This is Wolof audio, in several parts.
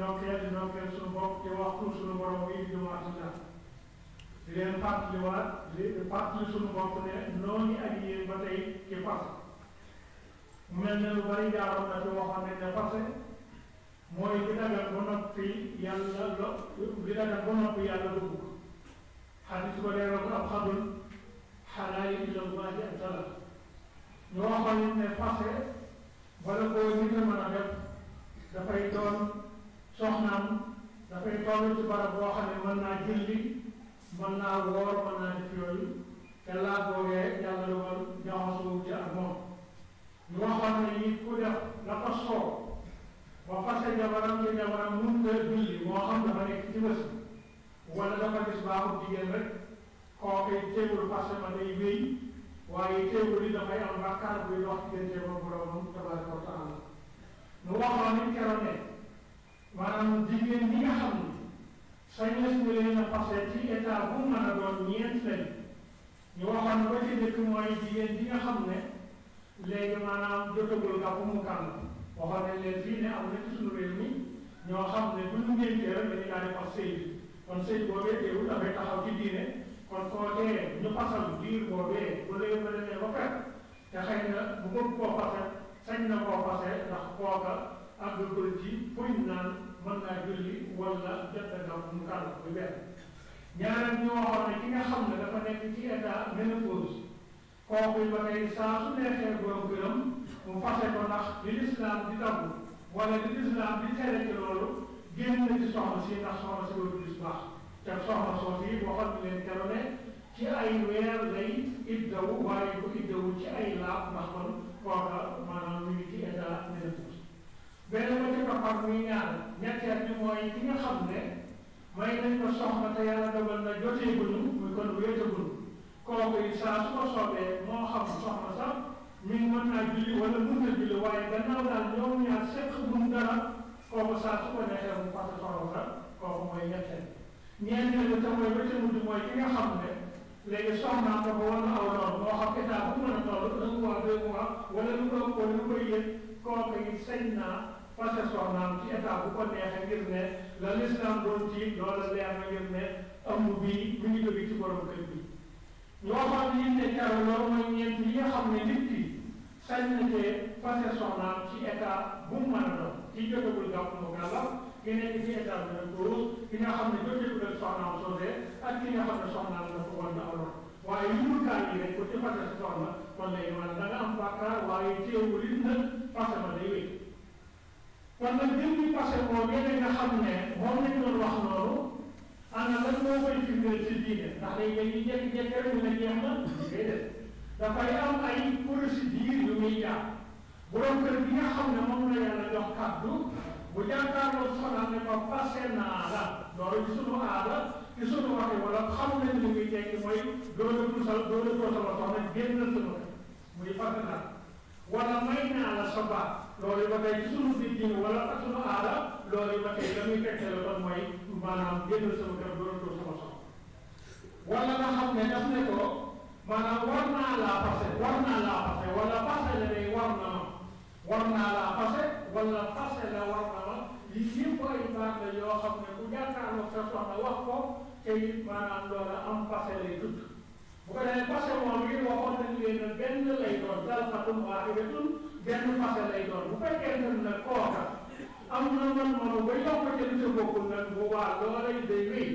ndokkeel di ndokkeel suñu bopp di wax pour suñu borom bi di jumaatullah di leen fàttaliwaat di fàttali suñu bopp ne noonu ak yéen ba tey ci fas mel ne lu bari jaaroon na ci waxoon nañ ne fas mooy li dagal ba noppi yàlla lo li dagal ba noppi yàlla dugg ko xadis ba leeral ko ab xabul xalaali ilallahi ak tala ñu waxoon ne fas bala koo nit a mën a def dafay doon soxnaam dafay toll ci barab boo xam ne mën naa julli mën naa woor mën naa def yooyu te laa boogee yàlla la dogal jaxasoo ci ak moom ñu waxoon ne yi ku def dafa soo ba fase jabaram ci jabaram mun nga julli moo xam dafa nekk ci bés wala dafa gis baaxu jigéen rek kooku teewul fase ma day wéy waaye teewul yi dafay am bakkaar buy wax diggante ba boromam tabaraka wa taala ñu waxoon ni keroog ne maanaam jigéen ñi nga xam ne sañes ni leen a passé ci état bu mën a doon ñeent lañ ñu waxoon ba ci dëkk mooy jigéen bi nga xam ne léegi maanaam jotagul gàpp mu kànn waxoon nañ leen fii ne am na ci suñu mi ñoo xam ne bu ñu ngéntee rek dañu daal di fas sëy bi kon sëy boobee teewul dafay taxaw ci diine kon kookee ñu pasal biir boobee bu léegi ba demee ba fekk te xëy na bu bëgg koo fase sañ na koo fase ndax kooka àggagul ci fuñ naan mën naa julli wala a daw mu tànn bu benn ñaareel ñu waxoon ne ki nga xam ne dafa nekk ci état ménopause kooku ba tey saa su neexee borom këram mu fase ko ndax li lislaam di dabb wala li lislaam di tere ci loolu génn na ci soxna si ndax soxna si wala gis baax te soxna soo si waxoon na leen keroog ne ci ay weer lay iddaw waaye bu iddawul ci ay laab ndax man kooka maanaam mu ngi ci état beneen ba ci toppam muy ñaar ñetteel bi mooy ki nga xam ne may nañ ko soxna te yàlla dogal na jotee guñu muy kon wéetagul kooku yi saa su ko soobee moo xam soxna sax ñun mën naa julli wala mën na julli waaye gannaaw daal ñoom ñaar seq buñ dara kooku saa su ko neexee mu fàtte soxla la kooku mooy ñetteel ñeenteel bi te mooy ba ca mujj mooy ki nga xam ne léegi soxnaa ko ba wala aw doon moo xam état bu mën a toll un mois deux mois wala lu ko wala lu koy yëg kooku yi sañ naa fase soxnaam ci a bu ko neexee ngir ne la lislaam doon ci loola leer na ngir ne ëmb bii mi ngi jóge ci borom kër bi ñoo xam ne ne keroog loolu mooy ñeent yi nga xam ne nit ki sañ na cee fase soxnaam ci état bu mu mën a doon ci jotagul gàpp mu gàllam ki nekk ci état bi nag boobu ki nga xam ne jotagul ak soxnaam soosee ak ki nga xam ne soxnaam dafa war na aloon waaye yu dul kaa yi rek ko ci fase soxna kon lay maanaam da nga am bàkkaar waaye teewul it nag fase ma day wéy kon nag mbir mi passé moom yéen nga xam ne moom lañ doon wax loolu ana lan moo koy firndeel ci diine ndax day dañuy jékki-jékki rek ne jeex na déedéet dafay am ay procédure yu muy jaar borom kër bi nga xam ne moom la yàlla jox kàddu bu jàkkaarloo soxna ne ko passé naa la loolu ci sunu aada ci sunu waxi wala xam nañ li muy tekki mooy doo la tusal doo la tusal soxna génn sunu muy fàttali wala may naa la sa baat loolu ba tey ci sunu biir diine wala ak sunu aada loolu ba tey la muy fekk la kon mooy maanaam génn sama kër doon sama soxla wala nga xam ne daf ne ko maanaam war naa laa passé war naa laa passé wala passé la day war na ma war naa laa passé wala passé la war na ma li yëpp ay baat la yoo xam ne bu jàkkaarloo sa soxna wax ko te it maanaam loola am passé lay tudd bu ko defee passé moom yi waxoon nañ leen benn lay doon dal xatum benn marché lay doon bu fekkee ne nag kooka am na mën-mënu ba yokk ca li ca bokkul nag bu waa loolay day wéy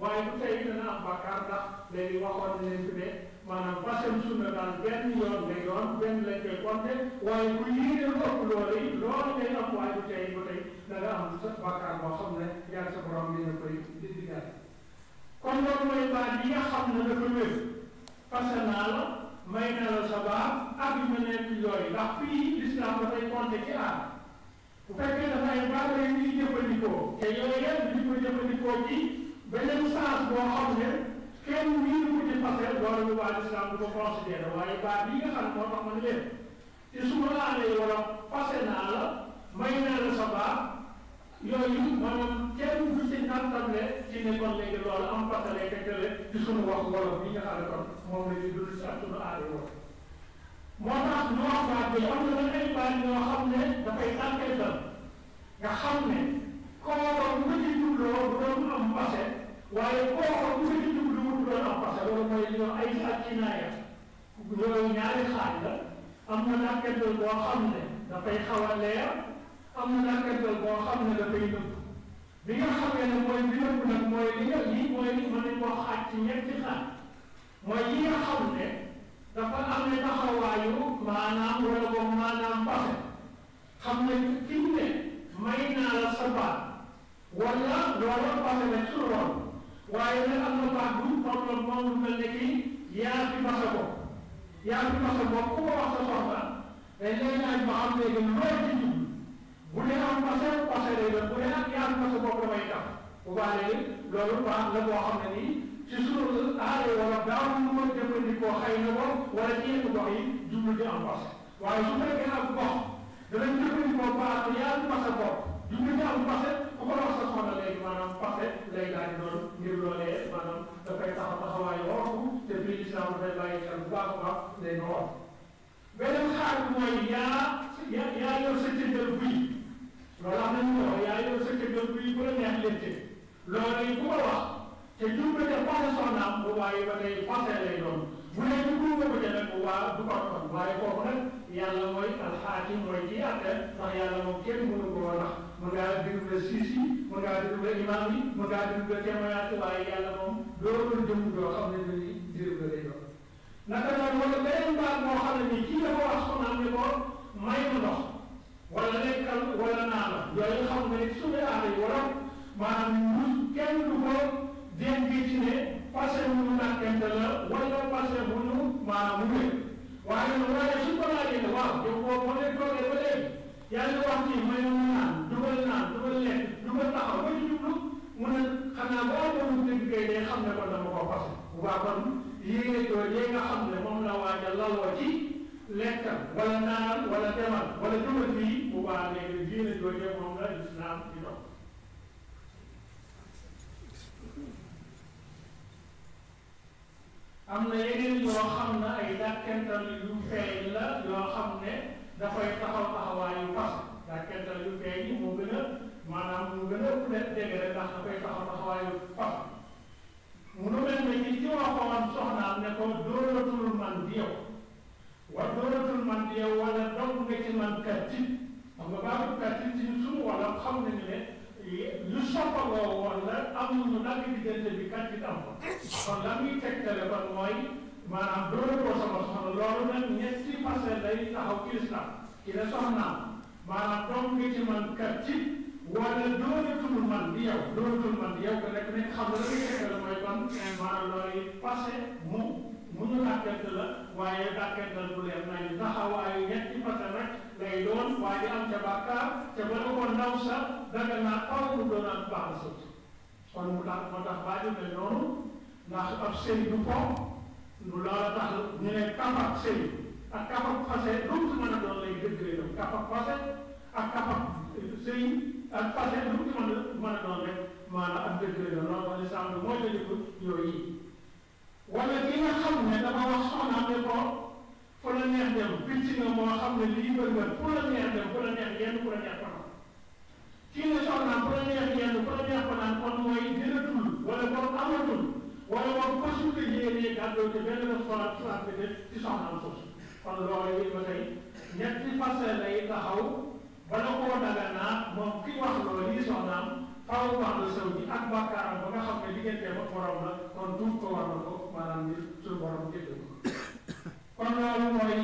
waaye bu tey dana am bàkkaar ndax léegi waxoon nañ leen fi ne maanaam fasem sunna daal benn yoon lay doon benn lañ koy compter waaye bu yéene ëpp loolu yi loolu day am waaye bu tey ba tey da nga am sa bàkkaar boo xam ne yàlla sa borom bi na koy di digal kon loolu mooy baat yi nga xam ne dafa wér fase naa la may na la sabab ak yu mel ne yooyu ndax fii l'islam dafay compté ci aar bu fekkee dafa ay baatare yu ñuy jëfandikoo te yooyu di ko jëfandikoo ci beneen sens boo xam ne kenn mii ko di fasel loolu ñu waa l'islam du ko considéré waaye baat yi nga xam moo tax ma ne leen te su ma laalee wala fase naa yooyu maanaam kenn du ci tàntam ne ci loolu am fàttalee tegtale ci suñu wax wolof yi nga xam ne kon moom la ñuy dund si ak suñu aada wolof moo tax ñu wax baat bi am na nag ay baat yoo xam ne dafay tànkee dal nga xam ne kooka bu nga ci jubloo bu doon am passé waaye kooka bu nga ci jublu bu doon am passé loolu mooy li ñoo ay ak kinaaya yooyu ñaari xaaj la am na tànkee dal boo xam ne dafay xaw a leer am na làkkatal boo xam ne dafay nëbb ne bi nëbb nag mooy li nga lii mooy li mën nañ koo xaaj ci ñetti xaaj mooy yi nga ne dafa am ne taxawaayu maanaam wala boobu maanaam pase xam ne ki ne may naa la sa baat wala loola pase la ci lool waaye nag am na baat bu moom ne kii yaa fi pase ko yaa fi pase ko ku ko wax sa soxla day léegi ay ba xam léegi bu dee am passé passé lay doon bu dee ak yaa passé boobu damay tax bu baax léegi loolu baax la boo xam ne nii ci suñu aada wala daaw ñu mën jëfandikoo xëy na ko wala ci yenn gox yi jublu ci am passé waaye su fekkee ak gox danañ jëfandikoo yaa passé boobu jublu ci am passé ku ko wax sa soxna léegi maanaam passé lay daal di doon ngir loolee maanaam a te fii islam dafay bàyyi xel bu baax a baax day ma wax beneen xaar bi mooy yaa yaa yor sa jëndal buy responsabilité loolu yi ku ko wax te jur ba ca passé soxnaam bu waaye ba tey passé lay doon bu dee bu dul ko jëlee bu waa du ko kon waaye kooku nag yàlla mooy alxaakim mooy kii àtte ndax yàlla moom kenn mënu ko war a wax mën ngaa déglu ba siis yi mën ngaa déglu ba imaam yi mën ngaa déglu ba témoignage waaye yàlla moom doo mën jëm doo xam ne ñu ngi déglu ba lay doon. naka noonu wala beneen baat moo xam ne nii kii dafa wax soxnaam ne ko may ma ndox wala lekkal wala naan yooyu xam nga ne su dee aada yi wala. maanaam ñun kenn du ko dégg ci ne passé bu ñu nàkkante la wala passé bu ñu maanaam mu wér waaye nag waaye su ko laajee waaw yow boo ma leen toogee ba léegi yaa ngi wax ni may mu naan du ma naan du ma lekk du ma taxaw ba ñu jublu mu ne xanaa boo amul dégg kay ne kon dama ko passé bu baax kon yéene jooju nga xam ne moom la waaj a laloo ci lekk wala naan wala demal wala jubal fii bu baax léegi yéene jooju moom la islam am na yeneen yoo xam ne ay dàkkental yu feeñ la yoo xam ne dafay taxaw taxawaayu fas dàkkental yu feeñ yi moo gën a maanaam mu gën a ëpp dégg ndax dafay taxaw taxawaayu fas mu nu mel ne ci ci waxoon soxnaam ne ko dooratul man di yow wa dooratul man di yow wala dog nga ci man kat ci xam nga baaxul kat ci ci suñu wala xam nañu ne lu soppaloo woon la amul mu dagg diggante bi kat bi am ko kon la muy tegtale kon mooy maanaam doole ko sama soxna loolu nag ñetti passé lay taxaw ci islam ci la soxnaam maanaam doom nga ci man kat ci wala doonatul man di yow doonatul man di yow ko nekk nekk xam nga la muy tegtale mooy kon maanaam loolu passé mu mu ñu dàkkante la waaye dàkkante bu leer nañu taxawaayu ñetti passé rek lay doon waaye am ca bàkkaar te ba nu ko ndaw sax daga naa xaw mu doon ak baax a sëy kon mu tax moo tax bàyyi mel noonu ndax ab sëy du lu loola tax ñu ne kafak sëy ak kafak fase lu ci mën a doon lay dëggee doon kafak fase ak kafak sëy ak fase lu ci mën a mën a doon rek maanaam ak dëggee doon loolu wala mooy la ñu yooyu wala ki nga xam ne dafa wax soxnaam ne ko fu la neex dem picc na moo xam ne lii bëgg nga fu la neex dem fu la neex yenn fu la neex fanaan kii ne soxnaam fu la neex yenn fu la neex fanaan kon mooy gënatul wala boog amatul wala boog fasul ko yéenee gàddoo ci benn bés xoolaat xalaat bi def ci soxnaam soosu kon loolu it ba tey ñetti façon lay taxaw bala koo daganaa moom ki wax loolu yi soxnaam faaw wax la saw ji ak bàkkaaram ba nga xam ne diggante ba borom la kon duuf ko war na ko maanaam ni suñu borom jënd ko kon loolu mooy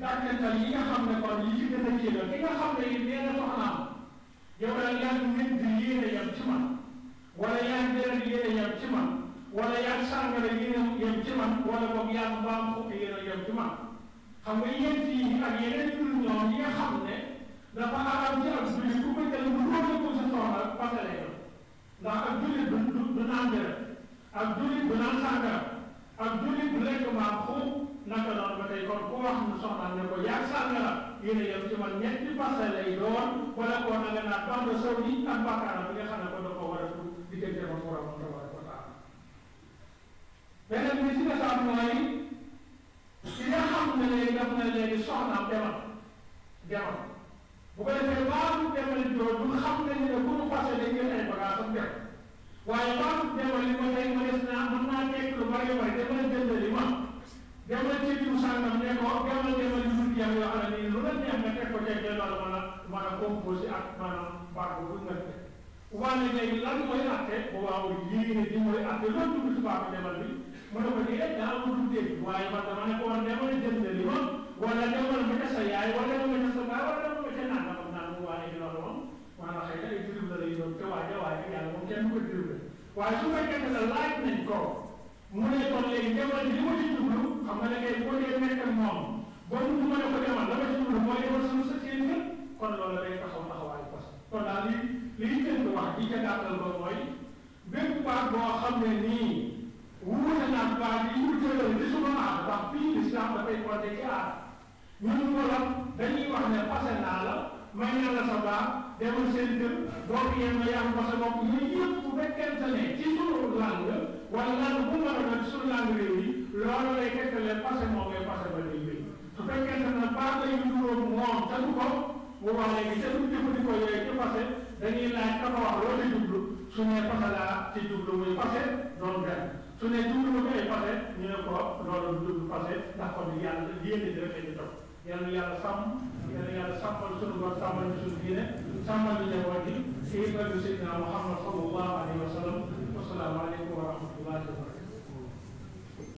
dàkkantal yi nga xam ne kon yi gën a kii la ki nga xam ne it nee na soxnaam yow daal yaa ngi mën di yéene yam ci man wala yaa ngi deret yéene yam ci man wala yaa ngi sàngara yéene yam ci man wala boog yaa ngi mbaam fukk yéene yam ci man xam nga yéen fii ak yeneen dul ñoom yi nga xam ne dafa aram ci ak julli ku bëgg lu róole ko sa soxna batale yoon ndax ak julli du du naan deret ak julli du naan sàngara ak julli du lekk mbaam fukk naka noonu ba tey kon ku wax na soxnaam ne ko yaag sàngara yéen a yem ci man ñetti i lay o wala koo na nga naan bande saw yi ak bàkkaaram bi nga xam ne ko dafa war a tuub diggante ma borom tabaraka wa taala beneen bi ci desaat mooy ki nga xam ne léegi def na léegi soxnaam demal demal bu ko defee baalu demal jooju xam ne ne bu mu passé lay jël ay bagages am dem waaye baalu demal li ko tey ma des naa mën naa nekk lu bari bari demal jënd demal ci biir sàngam ne ko demal demal yu dul jeex yoo xam ne nii lu la neex nga teg ko ca jël la mën a mën a composé ak maanaam baat bu nga teg wane léegi lan mooy atte bu waaw lii ne di mooy atte loolu dugg ci baatu demal bi mu ne ko dee daa amul dégg waaye man dama ne ko war demal jël na li moom wala demal ma ca sa yaay wala demal ma ca sa baay wala demal ma ca naan moom naan mu waaye loolu moom maanaam xëy na ay dirim la lay doon te waaye waaye yàlla moom kenn du ko dirim la waaye su fekkee ne laaj nañ ko mu ne kon léegi demal li ma ci jublu xam nga léegi bu ko dee nekk ak moom boo mu mën a ko demal la ma ci jublu mooy defal suñu sa seen kër kon loolu day taxaw taxawaayu fas kon daal li li tënk wax ci ca gàttal ba mooy bépp baat boo xam ne nii wuute naa baat yi ñu jëlal li suma maam ndax fii l'islam dafay boole ci aar ñun wolof dañuy wax ne passé naa la may na la sa baax demal seen kër boo ko yem na yàlla ko sa bopp yooyu yëpp bu fekkente ne ci sunu langue wala lan bu mën a doon suñu langue réew yi loolu lay tegtalee passé moom ba day béy su fekkente ne baax na yu juróom moom tegu ko bu wax léegi ca du jëfandikoo yooyu ci passé dañuy laaj ka ko wax loo ci jublu su ne passé laa ci jublu muy passé noonu gan su ne jublu ma koy passé ñu ne ko loolu du jublu passé ndax kon yàlla yéene di rek di topp yàlla yàlla sàmm yàlla yàlla sàmmal suñu bopp sàmmal suñu diine sàmmal ñu njaboot yi kii ba ñu la